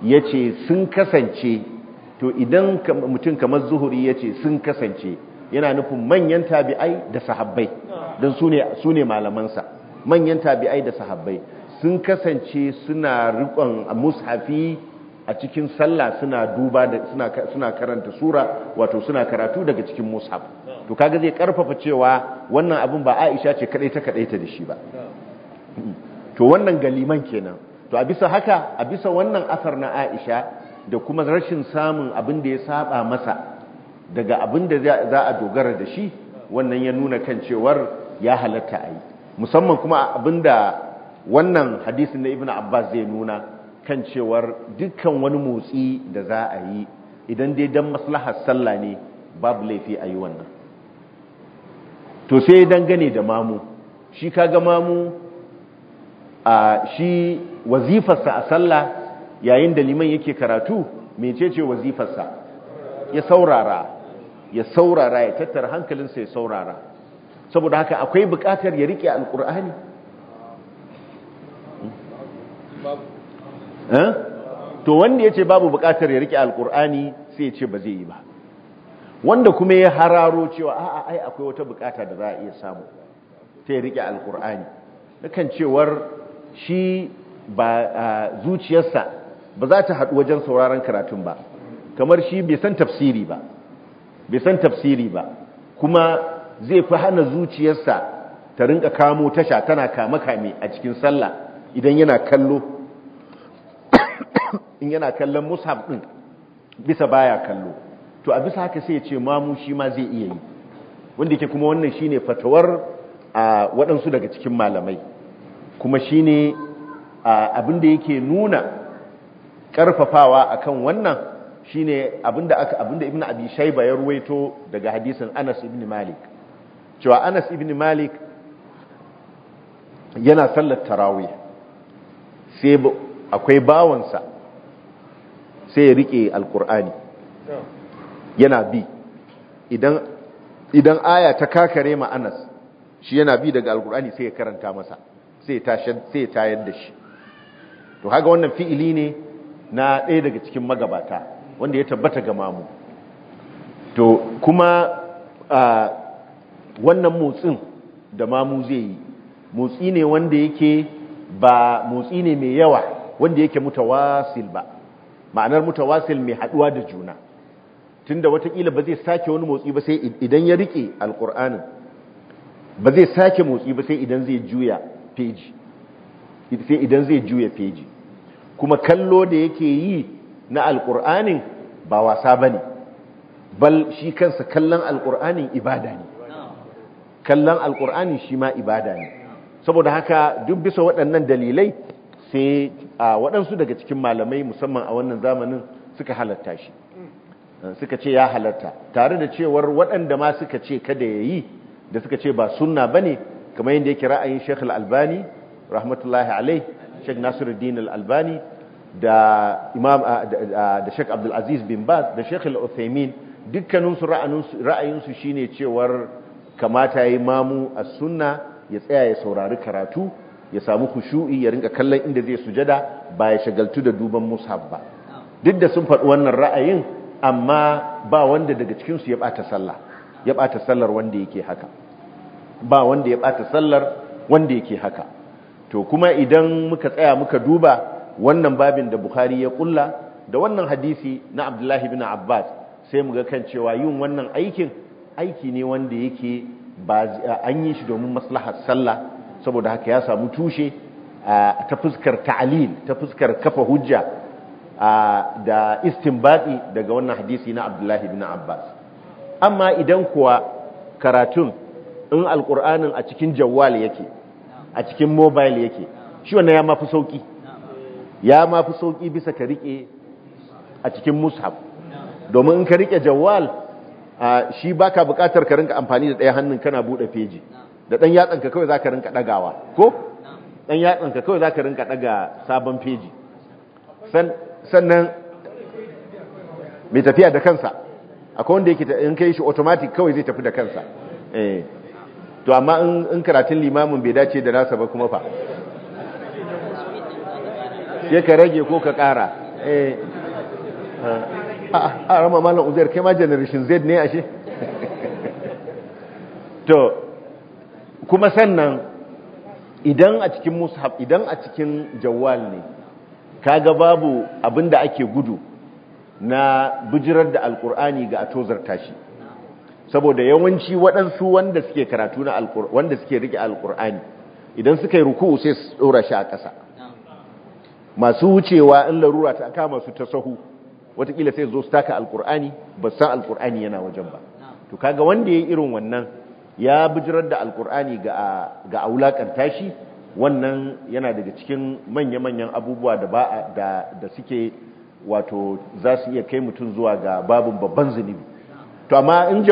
yace sun kasance to idan mutum kamar zuhuri ya ce sun kasance yana nufin manyan tabi'ai da sahabbai don su ne malamansa manyan tabi'ai da sahabbai sun kasance suna rikon mushafi a cikin sallah suna duba da suna karanta sura wato suna karatu daga cikin mushaf to kaga zai karfafa cewa wannan abin ba Aisha ce kadai ta kadai ta da shi ba to wannan galiman kenan to a bisa haka a bisa wannan asar na Aisha da kuma rashin samun abin da ya saba masa daga abin da za a dogara da shi wannan ya nuna kan cewar ya halatta a yi musamman kuma abin da wannan hadisin na ibn abbas zai nuna kan cewar dukkan wani motsi da za a yi idan dai don maslahar sallah ne babu laifi a yi wannan to sai dangane da mamu shi ga mamu a shi wazifarsa a sallah yayin da liman yake karatu mecece wazifarsa ya saurara ya saurara ya tattara hankalinsa ya saurara saboda haka akwai bukatar ya rike alkur'ani to wanda ya ce babu bukatar ya rike alkur'ani sai ya ce ba zai yi ba wanda kuma ya hararo cewa a'a ai akwai wata bukata da za a iya samu ta ya rike alkur'ani kan cewar shi ba zuciyarsa ba za ta haɗu wajen sauraron karatun ba kamar shi bai san tafsiri ba bai san tafsiri ba kuma zai fi hana zuciyarsa ta rinka kamo tasha tana kama kame a cikin sallah idan yana kallo in yana kallon mushaf din bisa baya kallo to a bisa haka sai ya ce mamu shi ma zai iya yi wanda yake kuma wannan shine fatawar a waɗansu daga cikin malamai kuma shine abin da yake nuna karfafawa akan wannan shine abinda aka abinda ibnu abi shayba ya ruwaito daga hadisin Anas ibn Malik cewa Anas ibn Malik yana sallar tarawih sai akwai bawansa sai ya rike alkur'ani yana bi idan idan aya ta kakare ma Anas shi yana bi daga alkur'ani sai ya karanta masa sai ya tayar da shi to haga wannan fi'ili ne na ɗaya daga cikin magabata wanda ya tabbata ga mamu to kuma a wannan motsin da mamu zai yi motsi ne wanda yake ba motsi ne mai yawa wanda yake mutawasil ba ma'anar mutawasil mai haduwa da juna tunda watakila ba zai sake wani motsi ba sai idan ya rike alkur'anin ba zai sake motsi ba sai sai idan zai juya feji kuma kallo da yake yi na alƙur'anin ba wasa ba ne bal shi kansa kallon alƙur'anin ibada ne kallon alkur'anin shi ma ibada ne saboda haka duk bisa waɗannan dalilai sai a waɗansu daga cikin malamai musamman a wannan zamanin suka halatta shi suka ce ya halatta tare da cewar waɗanda ma suka ce kada ya yi da suka ce ba sunna ba ne kamar yadda yake ra'ayin shekul albani rahmatullahi alai shek nasiruddin albani da imam da Sheikh Abdul bin Baz da Sheikh al uthaymin dukkanin su shine cewar kamata yayi mamu a sunna ya tsaya ya saurari karatu ya samu khushu'i ya rinka kallon inda zai sujada ba ya shagaltu da duban mushaf ba duk da sun faɗi wannan ra'ayin amma ba wanda daga cikin su ya bata sallah ya bata sallar wanda yake haka ba wanda ya bata sallar wanda yake haka to kuma idan muka tsaya muka duba wannan babin da bukhari ya kulla da wannan hadisi na abdullahi bin abbas sai mu ga kan cewa yin wannan aikin aiki ne wanda yake an yi shi domin maslahar sallah saboda haka ya samu tushe ta fuskar ta'alil ta fuskar kafa hujja da istinbati daga wannan hadisi na abdullahi bin abbas amma idan kuwa karatun in alkur'anin a cikin jawwal yake a cikin mobile yake shi wannan ya mafi sauki ya ma fi sauƙi bisa ka riƙe a cikin mushaf domin in ka riƙe jawal shi ba ka buƙatar ka rinka amfani da ɗaya hannun kana buɗe feji da ɗan yatsanka kawai za ka rinka ɗagawa ko ɗan yatsanka kawai za ka rinka ɗaga sabon feji sannan mai tafiya da kansa akwai wanda yake in kai shi automatic kawai zai tafi da kansa eh. to amma in karatun limamin bai dace da nasa ba kuma fa sai ka rage ko ka kara eh. a rama malam uzair kai ma generation z ne ashe to kuma sannan idan a cikin mushaf idan a cikin jawwal ne kaga babu abinda ake gudu na bijirar da alkur'ani ga atozar tashi saboda yawanci waɗansu wanda suke karatu na wanda suke rike alkur'ani idan suka yi ruku'u sai su dora shi a ƙasa masu wucewa in larura ta kama su ta sahu watakila sai zo su taka alkur'ani ba san alkur'ani yana wajen ba to kaga wanda ya irin wannan ya bijirar da alkur'ani ga aulakanta tashi wannan yana daga cikin manya-manyan abubuwa da suke wato za su iya kai mutum zuwa ga babin babban zunubi to amma in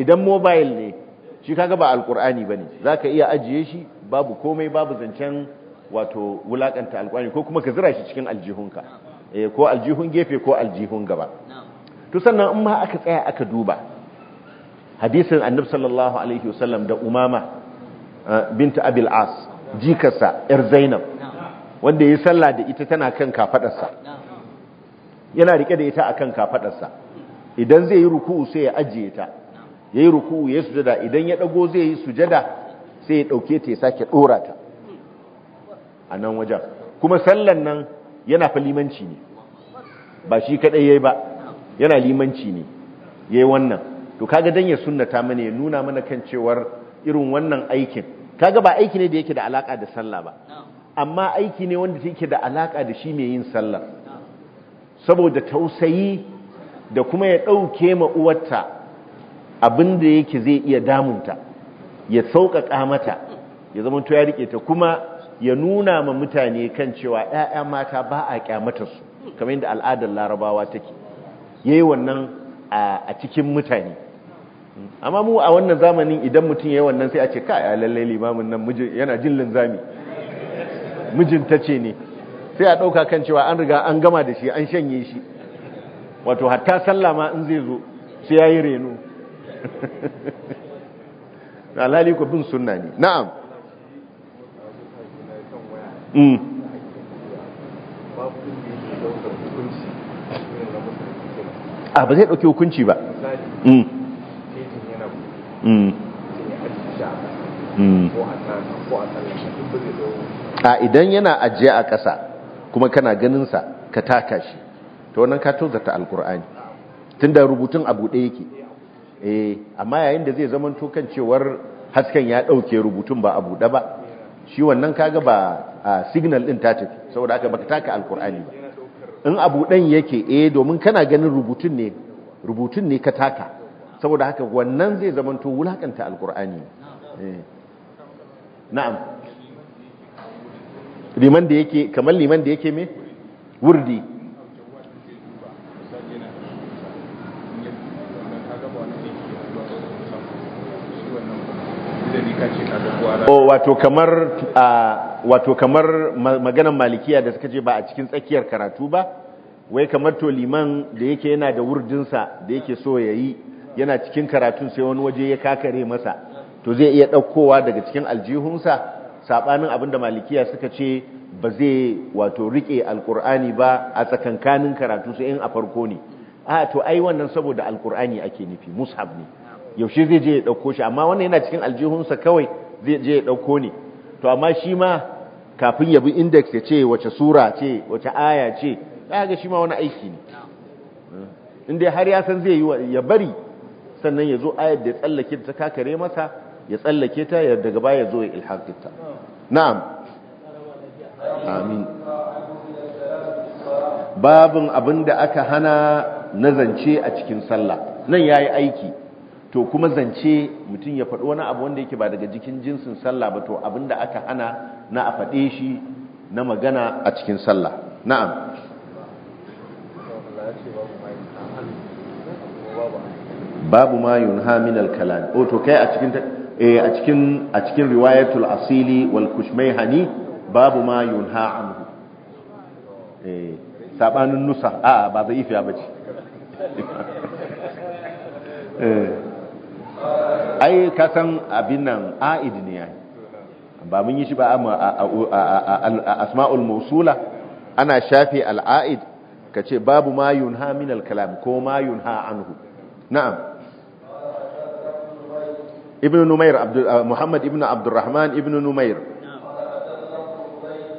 idan mobile ne shi kaga ba alkur'ani ba ne za ka iya ajiye shi babu komai babu zancen wato wulakanta alkur'ani ko kuma ka zira shi cikin aljihunka eh, ko aljihun gefe ko aljihun gaba to sannan in ma aka tsaya aka duba hadisin annabi sallallahu alaihi wasallam da umama eh, binta abil as jikarsa yar zainab wanda yayi sallah da ita tana kan kafadarsa yana rike da ita akan kafadarsa idan zai yi ruku'u sai ya ajiye ta yayi ruku'u ya sujada idan ya ɗago zai yi sujada sai ya dauke ta ya sake dora ta a nan wajen kuma sallan nan yana fa limanci ne ba shi kadai yayi ba yana limanci ne yayi wannan to kaga dan ya sunnata mana ya nuna mana kan cewar irin wannan aikin kaga ba aiki ne da yake da alaka da sallah ba amma aiki ne wanda yake da alaka da shi mai yin sallah saboda tausayi da kuma ya dauke ma uwarta abinda yake zai iya damunta ya sauƙaƙa mata ya zama to ya rike ta kuma ya nuna ma mutane kan cewa ‘ya'ya mata ba a su kamar yadda al'adar larabawa take yi wannan a cikin mutane amma mu a wannan zamanin idan mutum ya yi wannan sai a ce kaya lalle limamin nan yana jin linzami mijin ta ce ne sai a ɗauka kan cewa an riga an gama da shi an shanye shi wato hatta sallah ma in zai zo sai ya yi reno alhali ku bin sunna ne na'am Mm. a ah, ba zai ɗauki hukunci ba mm. mm. a ah, idan yana ajiye a ƙasa kuma kana ganinsa ka taka shi ta wannan ka tozarta alkur'ani tun da rubutun abu ɗaya yake eh, amma yayin da zai zama kan cewar hasken ya ɗauke rubutun ba abu ɗaya ba shi wannan kaga ba signal din ta tafi saboda haka baka taka alkur'ani ba in abu dan yake eh domin kana ganin rubutun ne rubutun ne ka taka saboda haka wannan zai zamanto wulakanta alkur'ani eh. na'am liman da yake kamar liman da yake me wurdi wato kamar wato kamar maganan malikiya da suka ce ba a cikin tsakiyar karatu ba wai kamar to liman da yake yana da wurdinsa da yake so ya yi yana cikin karatun sai wani waje ya kakare masa to zai iya ɗaukowa daga cikin aljihunsa saɓanin abin da malikiya suka ce ba zai wato riƙe alƙur'ani ba a tsakankanin karatu sai in a farko ne a to ai wannan saboda alƙur'ani ake nufi mushaf ne yaushe zai je ya ɗauko shi amma wannan yana cikin aljihunsa kawai zai je ya ɗauko ne to amma shi ma kafin ya bi index ya ce wace sura ce wace aya ce ya ga shi ma wani aiki ne eh. inda har ya san zai yi ya bari sannan ya zo ayar da ya tsallake ta kakare masa ya tsallake ta ya daga baya zo ya ilhaƙinta na'am amin babin abin da aka hana nazance a cikin sallah nan ya yi aiki to kuma zance mutum ya faɗi wani abu wanda yake ba daga jikin jinsin sallah ba to abinda aka hana na a faɗe shi na magana a cikin sallah na'am babu ma yunha min al-kalam oh to kai a cikin eh a cikin a cikin riwayatul asili wal hani? babu ma yunha anhu eh sabanin nusa a ba zai ifiya bace eh ai ka san abin nan a'id ne yayi ba mun yi shi ba a asma'ul mausula ana shafi al'a'id ka ce babu ma yunha min al-kalam ko ma yunha anhu na'am ibn numair muhammad ibn abdurrahman ibn numair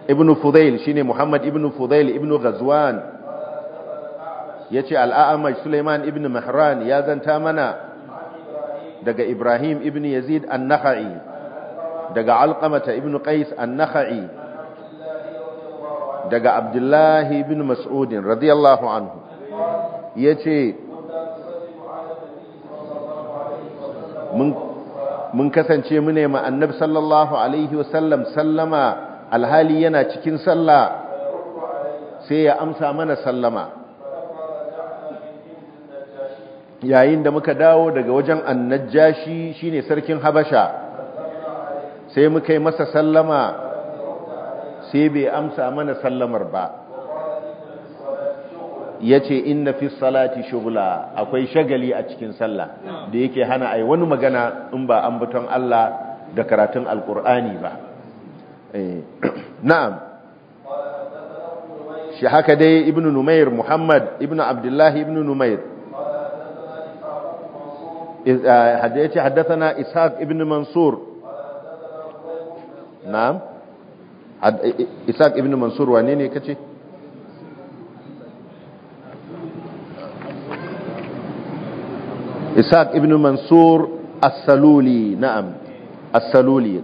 ibn fudail shine muhammad ibn fudail ibn ghazwan yace al-a'maj sulaiman ibn mahran ya zanta mana daga Ibrahim ibn Yazid an-Nakhai daga Alqamata ibn Qais an-Nakhai daga Abdullahi ibn Mas'ud radiyallahu anhu yace mun mun kasance mu ne ma annabi sallallahu alaihi sallam sallama alhali yana cikin sallah sai ya amsa mana sallama yayin da muka dawo daga wajen annajashi shine sarkin habasha sai muka yi masa sallama sai bai amsa mana sallamar ba ya ce inna fi salati shugula akwai shagali a cikin sallah da yake hana yi wani magana in ba ambaton Allah da karatun alkur'ani ba eh, na'am shi haka dai Ibn numair muhammad Ibn abdullahi Ibn numair yace haddathana ishaq ibn mansur na'am ishaq ibn mansur wane ne kace ishaq ibn mansur as na'am as-saluli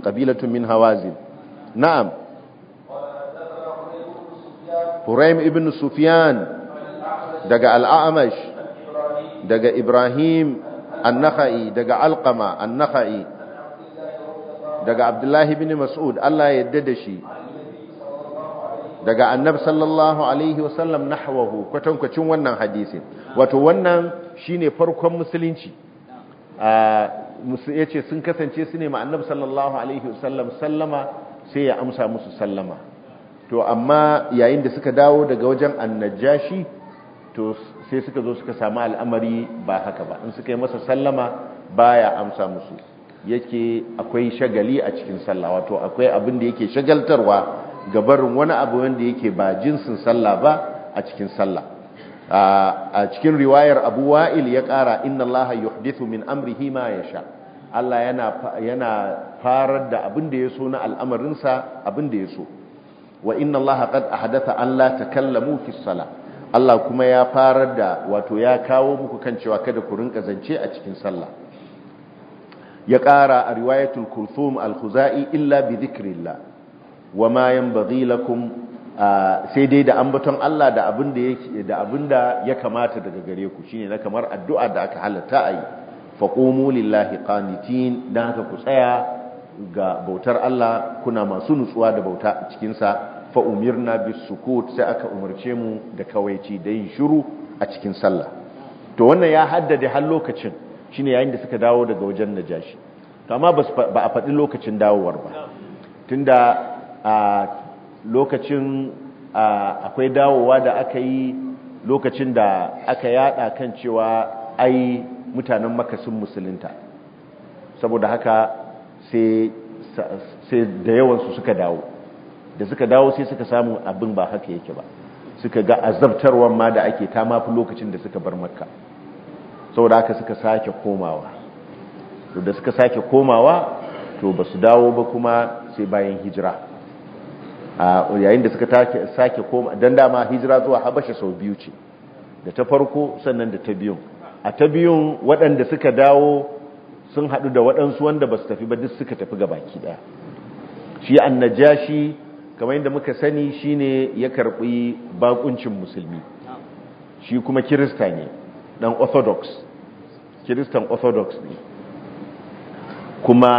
sufyan daga al'amash daga ibrahim annaka'i daga alqama annaka'i daga abdullahi bin mas'ud Allah ya yarda da shi daga annab sallallahu alaihi wasallam nahwahu kwatankwacin wannan hadisin wato wannan shine farkon musulunci ya yace sun kasance su ne ma'annab sallallahu alaihi wasallam sallama sai ya amsa musu sallama to amma yayin da suka dawo daga wajen annajashi to sai suka zo suka samu al'amari ba haka ba in suka yi masa sallama baya amsa musu yake akwai shagali a cikin sallah wato akwai abin da yake shagaltarwa ga barin wani abu wanda yake ba jinsin sallah ba a cikin sallah a cikin riwayar Abu Wa'il ya kara inna Allah yuhdithu min amrihi ma yasha Allah yana yana farar da abin da yaso na al'amarinsa abin da so wa inna Allah qad ahdatha an la takallamu fi salah Allah kuma ya farar da wato ya kawo muku kan cewa kada ku rinka zance a cikin sallah ya ƙara a riwayatul kulthum al-khuzai illa bi dhikrillah wa ma yanbaghi lakum sai dai da ambaton Allah da abin da da abin da ya kamata daga gare ku shine na kamar addu'a da aka halatta ayi faqumu lillahi qanitin dan haka ku tsaya ga bautar Allah kuna masu nutsuwa da bauta cikin sa fa umirna bis sukut sai aka umarce mu da kawaici da yin shiru a cikin sallah to wannan ya haddade har lokacin shine yayin da suka dawo daga wajen najashi to amma ba a faɗi lokacin dawowar ba tunda a lokacin akwai dawowa da aka yi lokacin da aka yada kan cewa ai mutanen makasin musulunta saboda haka sai da yawansu suka dawo da suka dawo sai suka samu abin ba haka yake ba suka ga azabtarwar ma da ake ta mafi lokacin da suka bar makka saboda aka suka sake komawa to da suka sake komawa to ba su dawo ba kuma sai bayan hijira a yayin da suka sake koma don dama hijira zuwa habasha sau biyu ce da ta farko sannan da ta biyun a ta biyun waɗanda suka dawo sun haɗu da waɗansu wanda ba su tafi ba duk suka tafi ga baki ɗaya shi annajashi kamar yadda muka sani shine ya karɓi bakuncin musulmi shi kuma kirista ne dan orthodox kiristan orthodox ne kuma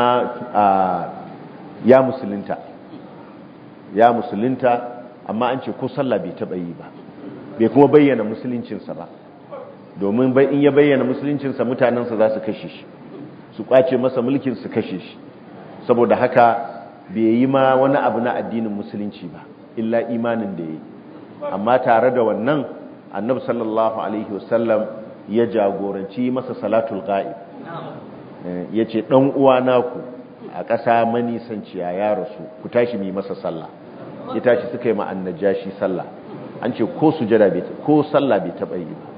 ya musulunta ya musulunta amma an ce ko sallah bai taba yi ba bai kuma bayyana musuluncinsa ba domin in ya bayyana musuluncinsa mutanensa za su kashe shi su kwace masa mulkin su kashe shi saboda haka bai yi ma wani abu na addinin musulunci ba illa imanin da ya amma tare da wannan annabi sallallahu alaihi wasallam ya jagoranci masa salatul ga'ib eh, ya ce ɗan uwana ku a ƙasa manisanciya ya rasu ku tashi mai masa sallah ya tashi suka yi najashi sallah an ce ko sujada ko sallah bai taɓa yi ba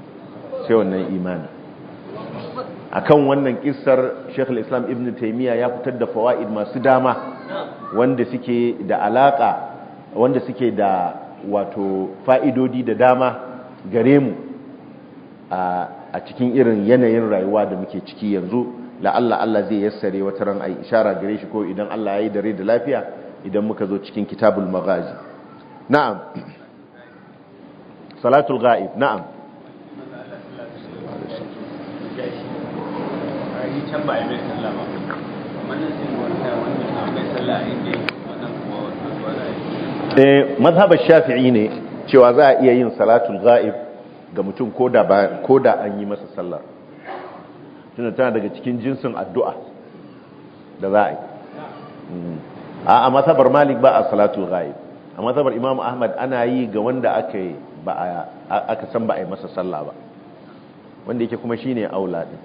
sai wannan imani kan wannan ƙisar shekul islam Ibn taimiyya ya fitar da fawaid masu dama wanda suke da alaka wanda suke da wato fa'idodi da dama gare mu a cikin irin yanayin rayuwa da muke ciki yanzu la'alla Allah zai yassare wata ran a ishara gare shi ko idan Allah ya yi dare da lafiya idan muka zo cikin kitabul maghazi na'am salatul ga’ib na'am can ba a yi mai sallama wannan sai wanda wanda eh mazhabar shafi'i ne cewa za a iya yin salatul ghaib ga mutum ko da an yi masa sallar tana tana daga cikin jinsin addu'a da za a yi mm. a mazhabar malik ba a salatul ghaib a mazhabar imam ahmad ana yi ga wanda aka san ba a yi masa sallah ba wanda yake kuma shine ne din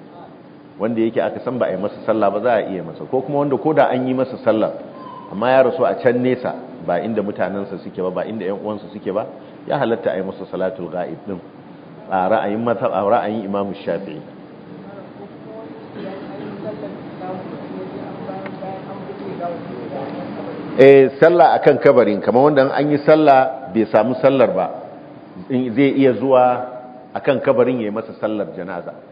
wanda yake aka san ba a yi masa sallah ba za a iya masa ko kuma wanda koda an yi masa sallah amma ya rasu a can nesa ba inda mutanensa suke ba ba inda yan uwansa suke ba ya halatta a yi masa salatul ghaib din a ra'ayin mata a ra'ayin Imam Shafi'i eh sallah akan kabarin kamar wanda an yi sallah bai samu sallar ba zai iya zuwa akan kabarin ya yi masa sallar janaza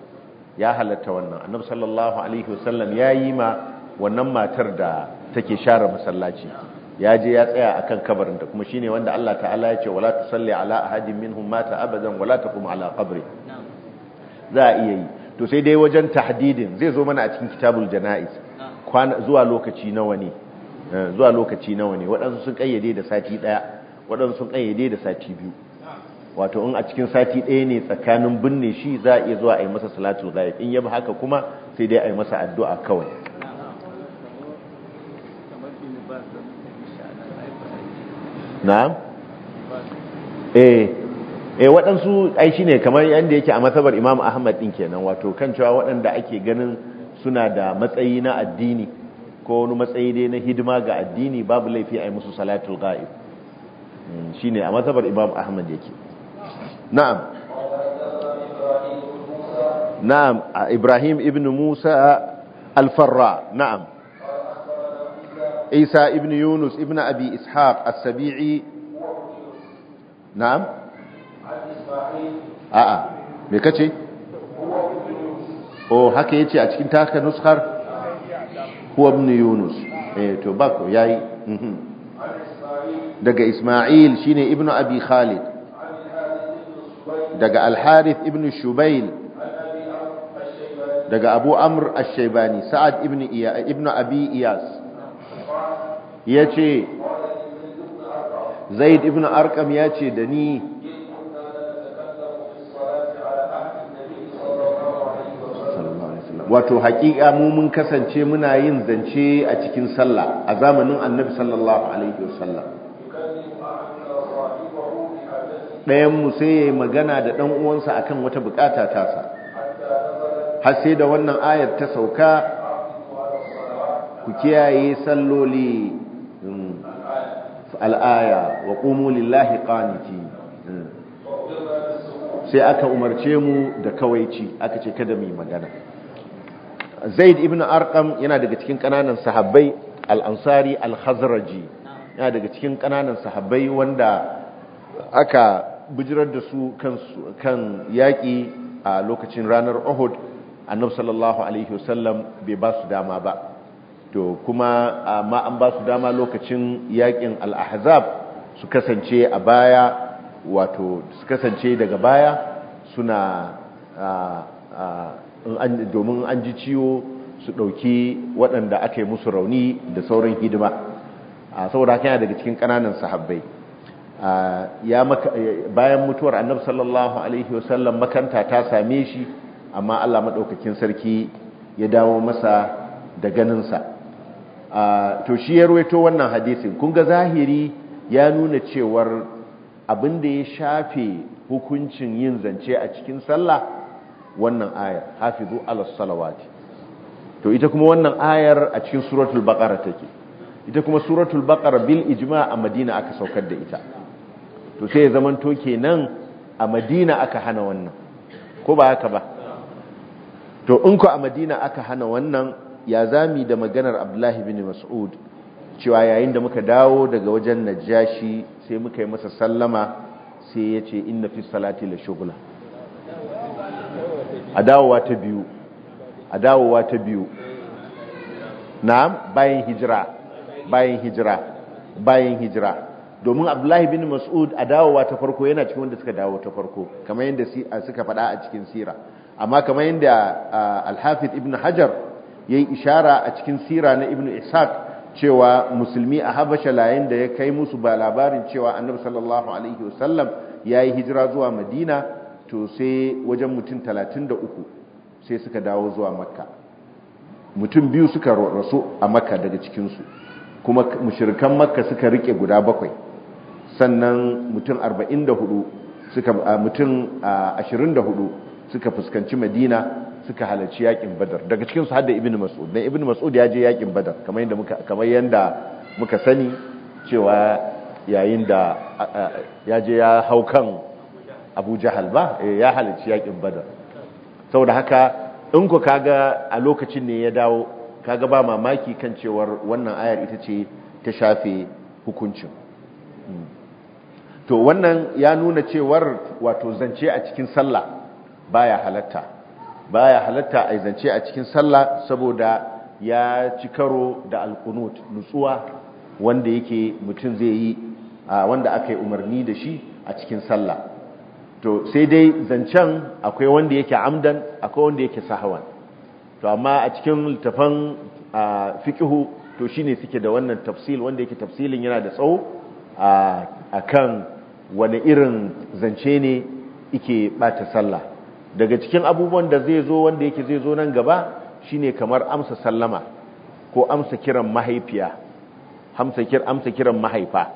ya halatta wannan annabi sallallahu alaihi wasallam ya yi ma wannan matar da take share masallaci ya je ya tsaya akan kabarin da kuma shine wanda Allah ta'ala ya ce wala tusalli ala ahadin minhum mata abadan wala taqum ala qabri za a iya yi to sai dai wajen tahdidin zai zo mana a cikin kitabul janaiz zuwa lokaci nawa ne eh, zuwa lokaci nawa ne waɗansu sun kayyade da sati ɗaya waɗansu sun kayyade da sati biyu wato in a cikin sati ɗaya ne tsakanin binne shi za a iya zuwa a yi masa salatu ghaib in yaba haka kuma sai dai a yi masa addu'a kawai na'am eh, eh waɗansu ai ne kamar yanda yake a matsabar Imam Ahmad ɗin kenan wato kan cewa waɗanda ake ganin suna da matsayi na addini ko wani matsayi dai na hidima ga addini babu laifi a yi musu salatu salatul hmm, shi ne a matsabar Imam Ahmad yake na'am na'am ibrahim ibn musa al-farra na'am isa ibn yunus ibn abi ishaq as-sabi'i na'am a'a me kace oh haka yace a cikin taka nuskar huwa ibn yunus eh to bako yayi mhm. daga isma'il shine ibn abi khalid daga al-harith ibn shubail daga abu amr ash-shaybani sa'ad ibn ibn abi iyas yace zaid ibn arqam yace da ni wato haƙiƙa mu mun kasance muna yin zance a cikin sallah a zamanin annabi sallallahu alaihi wasallam ɗayanmu sai ya yi magana da ɗan uwansa kan wata bukata tasa har sai da wannan ayar ta sauka ku kiyaye salloli mm, al'aya wa ƙumu lillahi ƙaniki mm. sai aka umarce mu da kawaici aka ce kada mu magana zaid ibn arqam yana daga cikin ƙananan sahabbai al'ansari al hazraji yana daga cikin ƙananan sahabbai wanda aka bijirar da su kan yaƙi a lokacin ranar Uhud annabi sallallahu alaihi wasallam bai ba su dama ba to kuma amma an ba su dama lokacin yaƙin al-ahzab su kasance a baya wato su kasance daga baya suna domin an ji ciwo su ɗauki waɗanda aka yi musu rauni da sauran hidima a saboda haka yana daga cikin ƙananan sahabbai bayan mutuwar annabi sallallahu alaihi wasallam makanta ta same shi amma Allah madaukakin sarki ya dawo masa da ganinsa to shi ya ruwaito wannan hadisin kun ga zahiri ya nuna cewar abin da ya shafe hukuncin yin zance a cikin sallah wannan ayar hafizu ala salawati to ita kuma wannan ayar a cikin suratul baqara take ita kuma suratul baqara bil ijma' a madina aka saukar da ita to sai ya zamanto kenan a madina aka hana wannan ko ba haka ba to in ku a madina aka hana wannan ya zami da maganar abdullahi bin mas'ud cewa yayin da muka dawo daga wajen najashi sai muka yi masa sallama sai ya ce inna fi salati la shugula a dawowa ta biyu a ta biyu na bayan hijira bayan hijira bayan hijira domin abdullahi bin mas'ud a dawowa ta farko yana cikin wanda suka dawo ta farko kamar yadda suka faɗa a cikin sira amma kamar yadda alhafid ibn hajar ya yi ishara a cikin sira na ibn ishaq cewa musulmi a habasha layin da ya kai musu ba labarin cewa annabi sallallahu alaihi wasallam ya yi hijira zuwa madina to sai wajen mutum talatin da uku sai suka dawo zuwa makka mutum biyu suka rasu a makka daga cikinsu kuma mushirikan makka suka rike guda bakwai sannan mutum 44 suka mutum 24 suka fuskanci madina suka halarci yakin badar daga cikin su hadda ibnu mas'ud dan ibnu mas'ud ya je yakin badar kamar yanda muka kamar yanda muka sani cewa yayin da ya je ya hau kan abu jahal ba eh, ya halarci yakin badar saboda haka in ku kaga a lokacin ne ya dawo kaga ba mamaki kan cewar wannan ayar ita ce ta shafe hukuncin hmm. to wannan ya nuna cewar wato zance a cikin sallah baya halatta baya halatta a zance a cikin sallah saboda ya ci karo da alkunut nutsuwa wanda yake mutum zai yi wanda aka yi umarni da shi a cikin sallah to sai dai zancen akwai wanda yake amdan akwai wanda yake sahawan to amma a cikin littafan fikihu to shine suke da wannan tafsil wanda yake tafsilin yana da tsawo a kan wani irin zance ne ike ɓata sallah daga cikin abubuwan da zai zo wanda yake zai zo nan gaba shine kamar amsa sallama ko amsa kiran mahaifiya amsa kiran amsa kiran mahaifa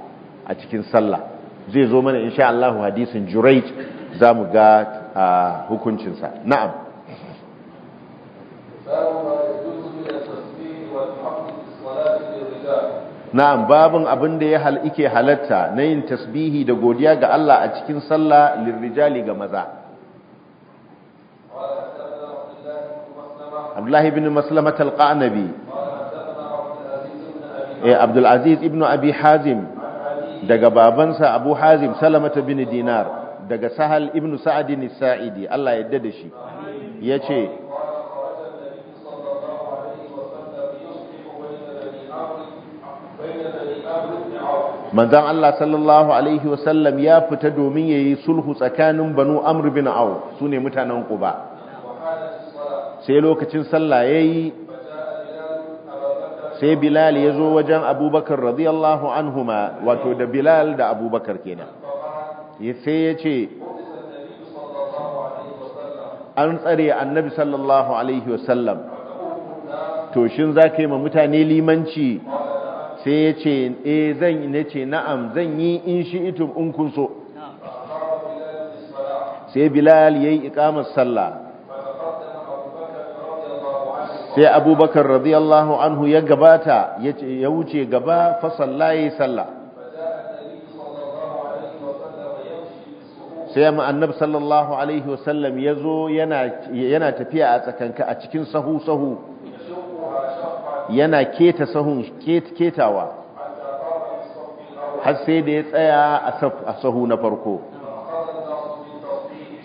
a cikin sallah zai zo mana insha Allah hadisin Juraij zamu ga ah, hukuncinsa na'am na'am babin abin da ya halike halatta na yin tasbihi da godiya ga Allah a cikin sallah lirrijali ga maza Abdullahi ibn Maslamat al-Qanabi eh Abdul Aziz ibn Abi Hazim daga babansa Abu Hazim Salamata bin Dinar daga Sahal ibn Sa'd saidi Allah ya yadda da shi yace manzan Allah sallallahu alaihi wasallam ya fita domin ya yi sulhu tsakanin banu amr bin Au su ne mutanen Kuba, sai lokacin sallah ya yi sai bilal ya zo wajen abubakar radiyallahu anhuma wato da bilal da abubakar kenan sai ya ce an tsare annabi sallallahu alaihi wasallam to shin za ka yi ma mutane limanci sai ya ce eh zan yi ce na'am zan yi in shi itum in kun so sai bilal yayi iqamar sallah sai abubakar radiyallahu anhu ya gabata ya wuce gaba fa sallaye sallah sai ma annab sallallahu alaihi wasallam ya zo yana tafiya a tsakanka a cikin sahu-sahu yana keta sahun ketawa har sai da ya tsaya a sahu na farko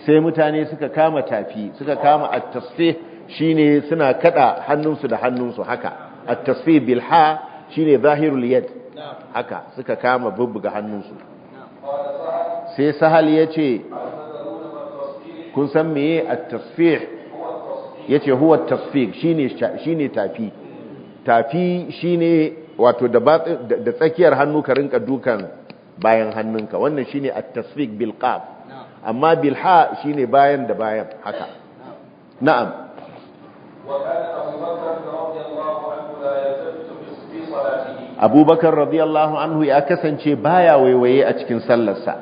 sai mutane suka kama tafi suka kama attasfe shi shine suna kada hannunsu da hannunsu haka attasfe bilha bil ha shine zahirul yad haka suka kama bubbuga hannunsu sai sahal ya ce kun san meye attasfe ya ce huwa at-tasfih shine tafi tafi shine wato da tsakiyar hannu ka rinka dukan bayan hannunka wannan shine at-tasfiq bil qaf amma bil ha shine bayan da bayan haka na'am abubakar radiyallahu anhu ya kasance baya waiwaye a cikin sallarsa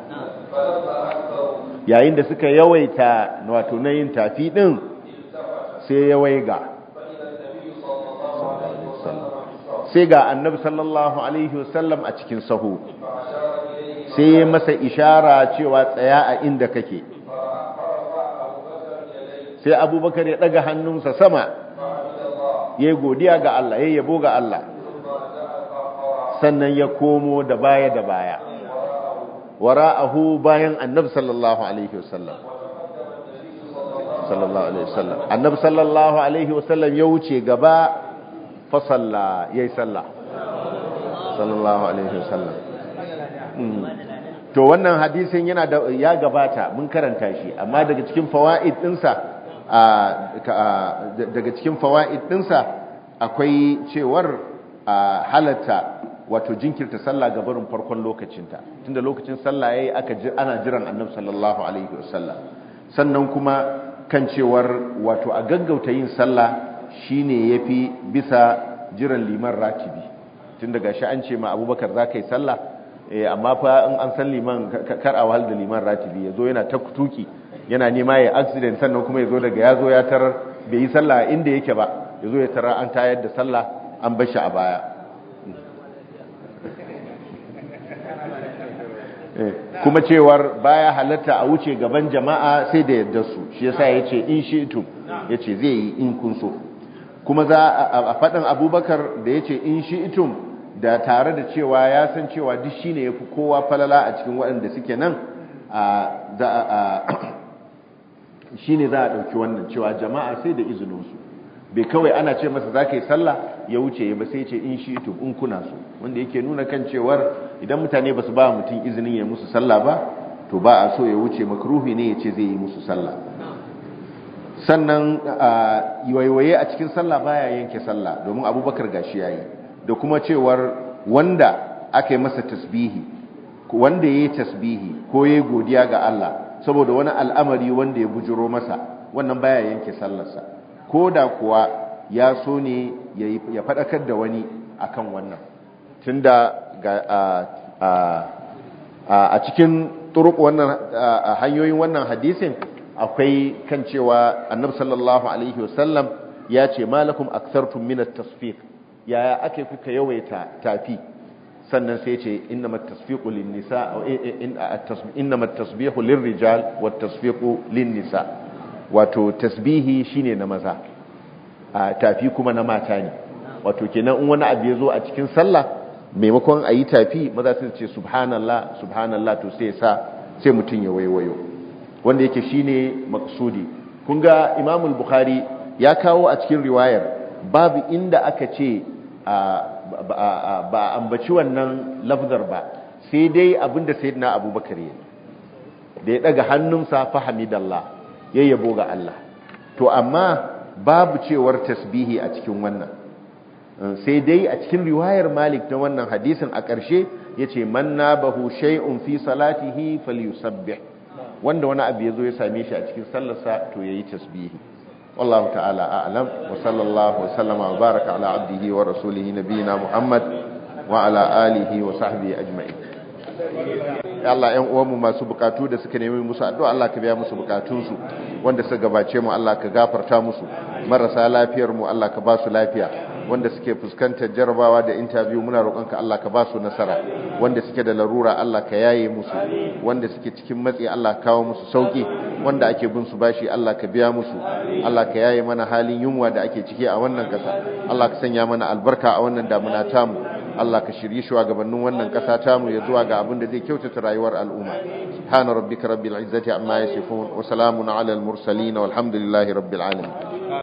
yayin da suka yawaita wato na yin tafi din sai ya waiga sai ga annabi sallallahu alaihi wasallam a cikin sahu sai ya masa ishara cewa tsaya a inda kake sai abubakar ya daga hannunsa sama ya godiya ga Allah ya yabo ga Allah sannan ya komo da baya da baya wara'ahu bayan annabi sallallahu alaihi wasallam sallallahu alaihi wasallam annabi sallallahu alaihi wasallam ya wuce gaba fasalla ya yi salla sallallahu alaihi wasallam hmm. to wannan hadisin yana da ya gabata mun karanta shi amma daga cikin fawaid dinsa daga cikin fawaid dinsa akwai cewar halatta wato jinkirta sallah ga barin farkon lokacinta tunda lokacin sallah yayi aka ji ana jiran annabi sallallahu alaihi wasallam sannan kuma kan cewar wato a gaggauta yin sallah Shi ne ya fi bisa jiran liman ratibi tun daga shi an ce ma abubakar za ka yi sallah eh, amma fa in an san liman kar a wahal da liman ratibi ya zo yana ta tuki yana nema ya accident sannan kuma ya zo daga ya zo ya tarar bai yi sallah inda yake ba ya zo ya tarar an tayar da sallah an bar shi a baya hmm. eh, kuma cewar baya halatta a wuce gaban jama'a sai da yadda su shi yasa yace in shi itum yace zai yi in kun so kuma za a faɗin abubakar da ya ce in shi itum da tare da cewa ya san cewa duk shi ne ya fi kowa falala a cikin waɗanda suke nan shi ne za a ɗauki wannan cewa jama'a sai da izininsu bai kawai ana ce masa za ka yi sallah ya wuce ba sai ce in shi itum in kuna su. wanda yake nuna kan cewar idan mutane ba su ba mutum izinin ya musu sallah ba to ba a so ya wuce makaruhi ne ya ce zai yi musu sallah sannan waiwaye a cikin sallah baya yanke sallah domin abubakar gashi yayi da kuma cewar wanda aka yi masa tasbihi wanda ya yi tasbihi ko ya yi godiya ga Allah saboda wani al'amari wanda ya bujiro masa wannan baya yanke sallarsa ko da kuwa ya so ne ya faɗakar da wani akan wannan tunda a cikin turuk wannan hanyoyin wannan hadisin akwai kan cewa annabi sallallahu alaihi wasallam ya ce malakum akthartum min at-tasfiq yaya ake kuka yawaita tafi sannan sai ce innamat tasfiqu lin nisa eh, eh, innamat tasbihu lir rijal wat tasfiqu lin nisa wato tasbihi shine na maza a tafi kuma na mata ne wato kenan in wani abu ya zo a cikin sallah maimakon ayi tafi maza sai ce subhanallah subhanallah to sai sa sai mutun ya waiwayo wanda yake shine maksudi kun ga Imam al-Bukhari ya kawo a cikin riwayar babu inda aka ce ba ambaci wannan lafzar ba sai dai abinda sayyidina Abubakar yayi da ya daga hannunsa fa hamidallah ya yabo ga Allah to amma babu cewar tasbihi a cikin wannan eh, sai dai a cikin riwayar Malik na wannan hadisin a ƙarshe ce man nabahu shay'un fi salatihi falyusabbih wanda wani abu ya zo ya same shi a cikin sallarsa to ya yi tasbihi Allah ta'ala a a'lam wa sallallahu wa sallama wa baraka ala abdihi wa rasulihi na muhammad wa ala alihi wa sahbihi Ya Allah ‘yan uwanmu masu bukatu da suka nemi musu addu'a Allah ka biya musu bukatunsu wanda suka gabace mu Allah ka gafarta musu marasa lafiyar mu Allah ka ba su lafiya wanda suke fuskantar jarabawa da interview muna roƙonka Allah ka ba su nasara wanda suke da larura Allah ka yaye musu wanda suke cikin matsi Allah kawo musu sauki wanda ake bin su bashi Allah ka biya musu Allah ka yaye mana halin yunwa da ake ciki a wannan ƙasa Allah ka sanya mana albarka a wannan damuna tamu Allah ka shirye shugabannin wannan ƙasa tamu ya zuwa ga abin da zai kyautata rayuwar al'umma subhana rabbika rabbil izzati amma yasifun wa salamun alal mursalin walhamdulillahi rabbil alamin